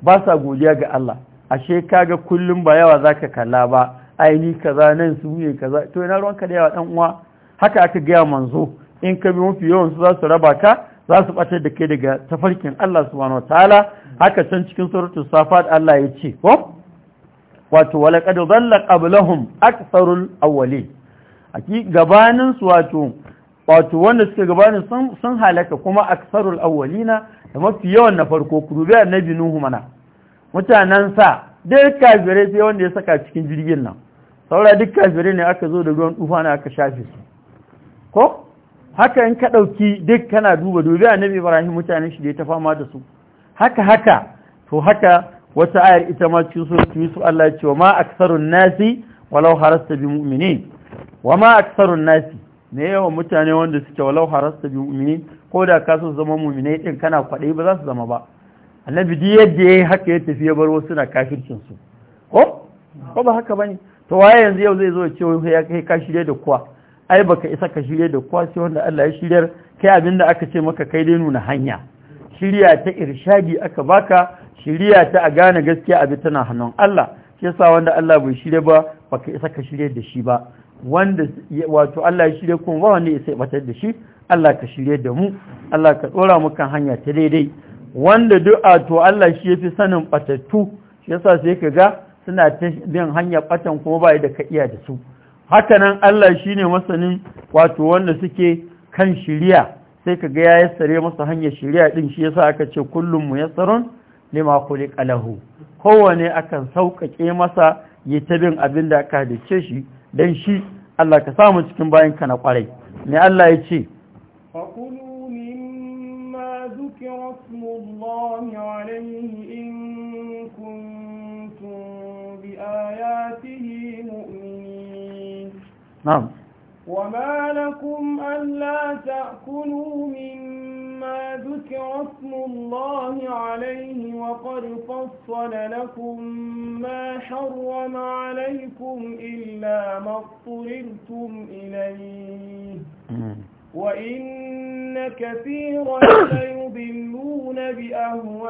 ba sa godiya ga Allah ashe kage kullum ba yawa zaka kalla ba aini kaza nan su ne kaza to ina ruwanka da yawa dan uwa haka aka gaya manzo in ka bi mafi yawan su za su raba ka za su batar da kai daga tafarkin Allah subhanahu wataala haka can cikin suratul safat Allah ya ce ko wato walaqad dhalla qablahum aktharul awwali aki gabanin su wato wato wanda suke gabanin sun sun halaka kuma aktharul awwalina da mafi yawan na farko kurubi annabi nuhu mana mutanen sa dai kafire sai wanda ya saka cikin jirgin nan saura duk kafire ne aka zo da ruwan dufa na aka shafe su ko haka in ka dauki duk kana duba dubi annabi ibrahim mutanen shi da ya ta fama da su haka haka to haka wata ayar ita ma cikin suratul yusuf Allah ya ce wa ma aktharun nasi walau harasta bi mu'minin wa ma aktharun nasi ne yawan mutane wanda suke walau harasta bi mu'minin ko da ka so zama mu'minai din kana kwadai ba za su zama ba annabi duk yadda yayi haka ya tafi ya bar wasu na kafircin su ko ko ba haka bane to waye yanzu yau zai zo ya ce ya kai ka shirye da kuwa ai baka isa ka shirye da kuwa sai wanda Allah ya shiryar kai abinda aka ce maka kai dai nuna hanya shirya ta irshadi aka baka shirya ta a gane gaskiya abin tana hannun Allah shi yasa wanda Allah bai shirya ba baka isa ka shirya da shi ba wanda wato Allah ya shirya kuma ba wanda ya sai batar da shi Allah ka shirya da mu Allah ka dora mu kan hanya ta daidai wanda du'a to Allah shi yafi sanin batattu shi yasa sai ka ga suna ta bin hanya batan kuma ba da ka iya da su haka nan Allah shine masanin wato wanda suke kan shirya sai ka ga ya tsare masa hanyar shirya ɗin shi yasa aka ce kullum muyassarun lima khuliqa ƙalahu kowane akan sauƙaƙe masa yi ta bin abin da aka dace shi don shi Allah ka samu cikin bayan ka na ƙwarai. ne Allah ya ce in na'am وما لكم ألا تأكلوا مما ذكر اسم الله عليه وقد فصل لكم ما حرم عليكم إلا ما اضطررتم إليه وإن كثيرا ليضلون بأهوائهم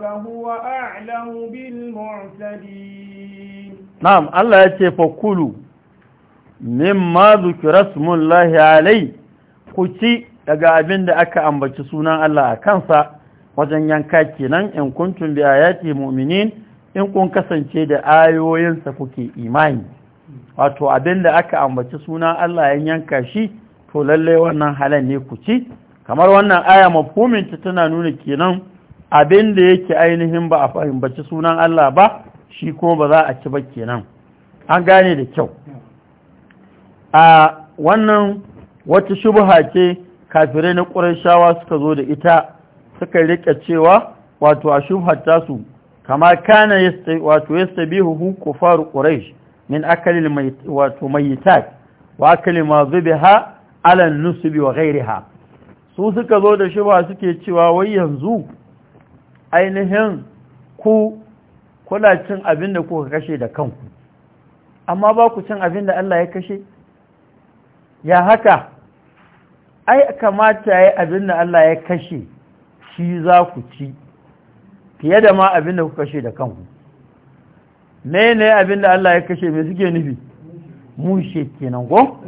فهو أعلم بالمعتدين نعم الله يتي فكلوا مما ذكر اسم الله عليه كتي daga abin da aka ambaci sunan Allah a kansa wajen yanka kenan in kuntum bi ayati mu'minin in kun kasance da ayoyinsa kuke imani wato abin da aka ambaci sunan Allah yan yanka shi to lalle wannan halan ne ku ci kamar wannan aya mafhumin ta tana nuna kenan abin da yake ainihin ba a fahimbaci sunan Allah ba shi ko ba za a ci ba kenan an gane da kyau a wannan wata shubha ce kafirai na ƙurashawa suka zo da ita suka rika cewa wato a shubhar tasu kama kana wato yastabihu faru ƙurash. min akali wato mayitat wa akali ma zubiha ala nusubi wa ghairiha su suka zo da shubha suke cewa wai yanzu ainihin ku kula cin abin da kuka kashe da kanku amma ba ku cin abin da Allah ya kashe ya haka ai kamata ya yi abin da Allah ya kashe shi za ku ci fiye da ma abin da kuka kashe da kanku ne abin da Allah ya kashe mai suke nufi mushe kenan ko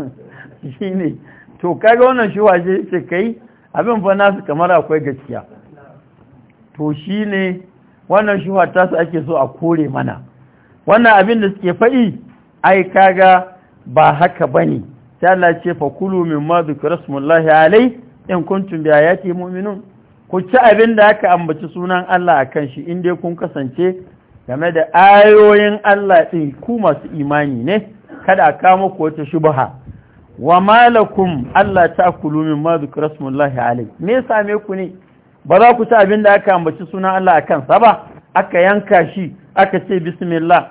shi ne to kaga wannan shi waje ce kai abin fa nasu kamar akwai gaskiya to shi ne wannan shuhar ta su ake so a kore mana wannan abin da suke faɗi ai kaga ba haka bane sai Allah ce fa kulu mimma dhikra alai in da ya ke muminin ku ci abin da aka ambaci sunan Allah a kan shi in dai kun kasance game da ayoyin Allah ɗin ku masu imani ne kada a kama ku wata shubha wa malakum Allah ta kulu mimma dhikra smullahi alai me same ku ne ba za ku ci abin da aka ambaci sunan Allah a kansa ba aka yanka shi aka ce bismillah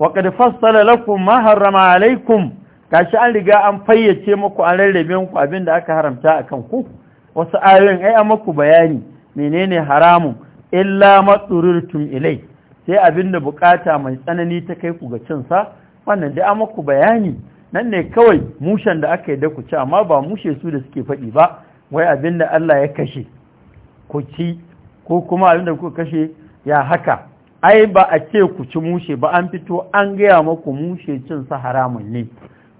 wa qad fassala lakum ma harrama alaikum kashi an riga an fayyace maku an rarrabe muku abin da aka haramta a kan ku. wasu ayoyin ai an muku bayani menene haramun illa matsururtum ilai sai abin da bukata mai tsanani ta kai ku ga cin sa wannan dai an muku bayani nan ne kawai mushen da aka yi da ku ci amma ba mushe su da suke faɗi ba wai abin da Allah ya kashe ku ci ko kuma da kuka kashe ya haka ai ba a ce ku ci mushe ba an fito an gaya maku mushe cin sa haramun ne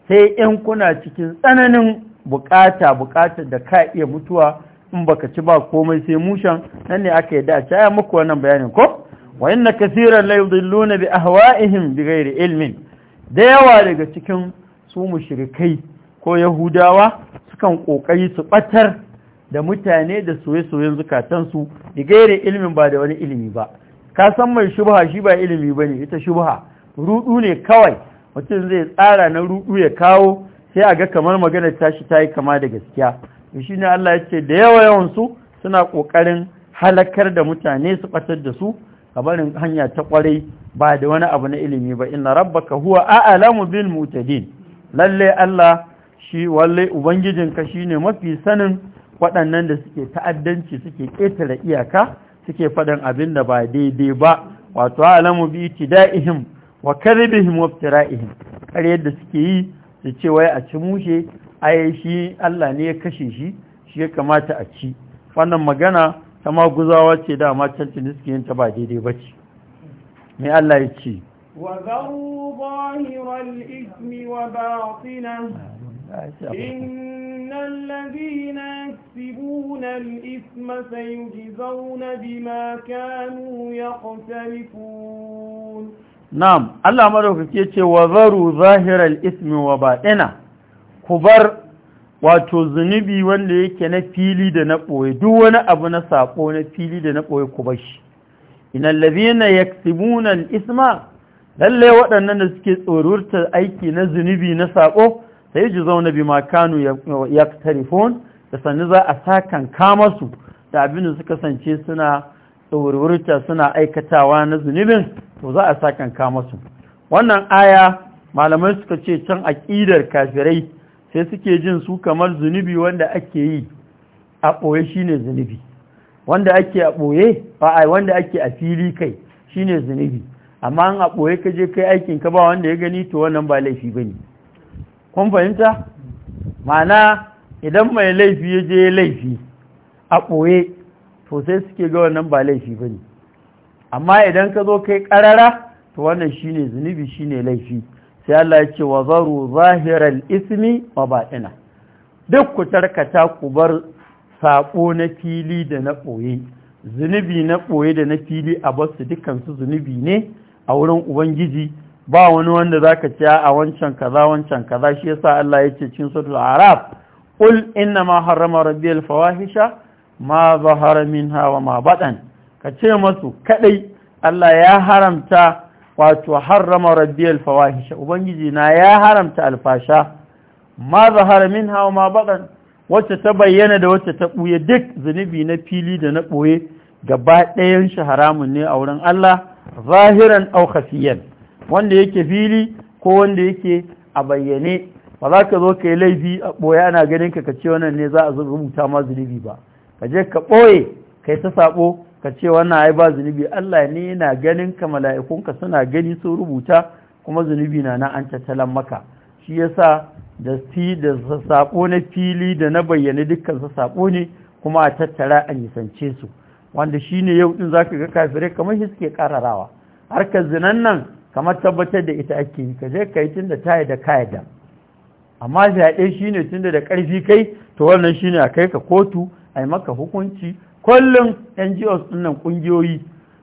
sai in kuna cikin tsananin bukata bukata da ka iya mutuwa in baka ci ba komai sai mushen nan ne aka yadda a ci aya muku wannan bayanin ko wa inna kaseeran la yudilluna bi ahwa'ihim ghairi ilmin da yawa daga cikin su mushrikai ko yahudawa sukan kokari su batar da mutane da soye-soyen zukatansu da gaire ilimin ba da wani ilimi ba ka san mai shubha shi ba ilimi ba ne ita shubha rudu ne kawai mutum zai tsara na rudu ya kawo sai a ga kamar maganar shi ta yi kama da gaskiya shi ne Allah ya ce da yawa yawansu suna ƙoƙarin halakar da mutane su ɓatar da su a barin hanya ta ƙwarai ba da wani abu na ilimi ba inna rabbaka huwa a'lamu bil mutadin Lallai Allah shi walle ubangijinka shine mafi sanin waɗannan da suke ta'addanci suke ƙetare iyaka suke faɗin abin da ba daidai ba wato alamu bi tida'ihim wa karibihim wa iftira'ihim kar yadda suke yi su ce wai a ci mushe ai shi Allah ne ya kashe shi shi ya kamata a ci wannan magana ta maguzawa ce da ma cancin suke yin ta ba daidai ba ce mai Allah ya ce wa zaru zahiral ismi wa إن الذين يكسبون الإثم سيجزون بما كانوا يقترفون نعم الله مدوك كيتي وذروا ظاهر الإثم وبائنا كبر wato zunubi wanda yake na fili da na ɓoye duk wani abu na saƙo na fili da na ɓoye ku bashi inallazina yaksibuna al-isma Lallai waɗannan da suke tsorurta aiki na zunubi na saƙo sai ji zauna bi makanu ya da sannu za a sakan kamasu da abin da suka sance suna tsawarwarta suna aikatawa na zunubin to za a sakan kamasu wannan aya malamai suka ce can aƙidar kafirai sai suke jin su kamar zunubi wanda ake yi a ɓoye shi zunubi wanda ake a ɓoye ba wanda ake a fili kai shine zunubi amma an a ɓoye ka je kai aikin ka ba wanda ya gani to wannan ba laifi ba ne kun fahimta ma'ana idan mai laifi ya je laifi a ɓoye to sai suke ga wannan ba laifi ba ne amma idan ka zo kai ƙarara to wannan shi ne zunubi shi ne laifi sai Allah ya ce wa zaru zahirar ismi wa baɗina duk ku tarkata ku bar saƙo na fili da na ɓoye zunubi na ɓoye da na fili a basu dukansu zunubi ne a wurin ubangiji ba wani wanda za ka ciya a wancan kaza wancan kaza shi yasa Allah ya ce cin suratul araf Ul inna ma harrama rabbi al fawahisha ma zahara minha wa ma batan ce masu kaɗai Allah ya haramta wato harrama rabbi al fawahisha ubangiji na ya haramta alfasha ma zahara minha wa ma batan wacce ta bayyana da wacce ta buye duk zunubi na fili da na boye gaba ɗayan shi haramun ne a wurin Allah zahiran aw khafiyan wanda yake fili ko wanda yake a bayyane ba za ka zo ka yi laifi a ɓoye ana ganin ka ce wannan ne za a rubuta ma zunubi ba ka je ka ɓoye ka yi ta saɓo ka ce wannan ai ba zunubi Allah ne yana ganin ka mala'ikunka suna gani sun rubuta kuma zunubi na na an tattalan maka shi yasa da fi da saɓo na fili da na bayyane dukkan sa saɓo ne kuma a tattara a nisance su wanda shi ne yau din zaka ga kafirai kamar shi suke kararawa harkar zinan nan kamar tabbatar da ita ake yi ka je ka yi tunda ta da ka da amma fyaɗe shi ne tunda da ƙarfi kai to wannan shi ne a kai ka kotu a yi maka hukunci kullum ngos ɗin nan ƙungiyoyi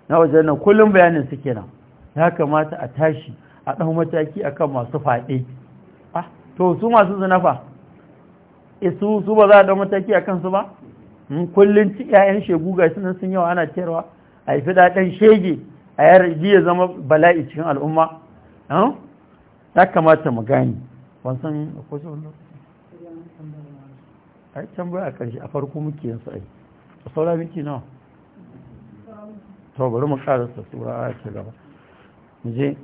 na wajen nan kullum bayanin suke nan. ya kamata a tashi a ɗan mataki akan masu faɗe ah, to su masu zinafa eh, su su ba za a ɗan mataki a kansu ba hmm, kullum ci 'ya'yan shegu ga sunan sun yawa ana cewa a yi fi daɗin shege a yarji ya zama bala'i cikin al'umma ya kamata mu gani wansan akwai sauran a yi tambaya a ƙarshe a farko muke yin sa'ai a saura minti nawa to bari mu sa sura a ce gaba mu je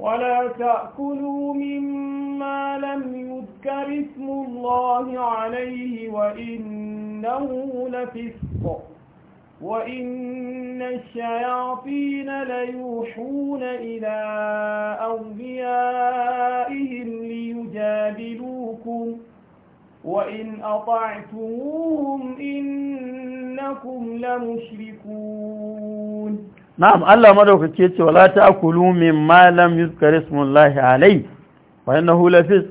ولا تأكلوا مما لم يذكر اسم الله عليه وإنه لفسق وإن الشياطين ليوحون إلى أوليائهم ليجادلوكم وإن أطعتموهم إنكم لمشركون نعم ألا مدوك كيت ولا تأكلوا مما لم يذكر اسم الله عليه وإنه لفظ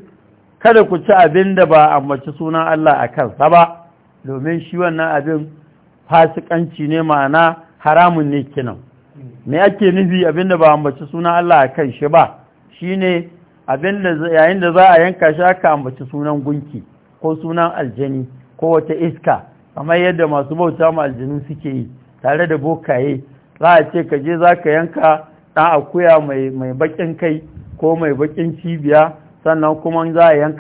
kada ku ci abin da ba ambaci sunan Allah a kansa ba domin shi wannan abin fasikanci ne ma'ana haramun ne kinan me ake nufi abinda ba ambaci sunan Allah a kan shi ba shine abinda yayin da za a yanka shi aka ambaci sunan gunki ko sunan aljani ko wata iska kamar yadda masu bauta ma aljanu suke yi tare da bokaye za a ce ka je za ka yanka ɗan akuya mai bakin kai ko mai bakin cibiya sannan kuma za a yanka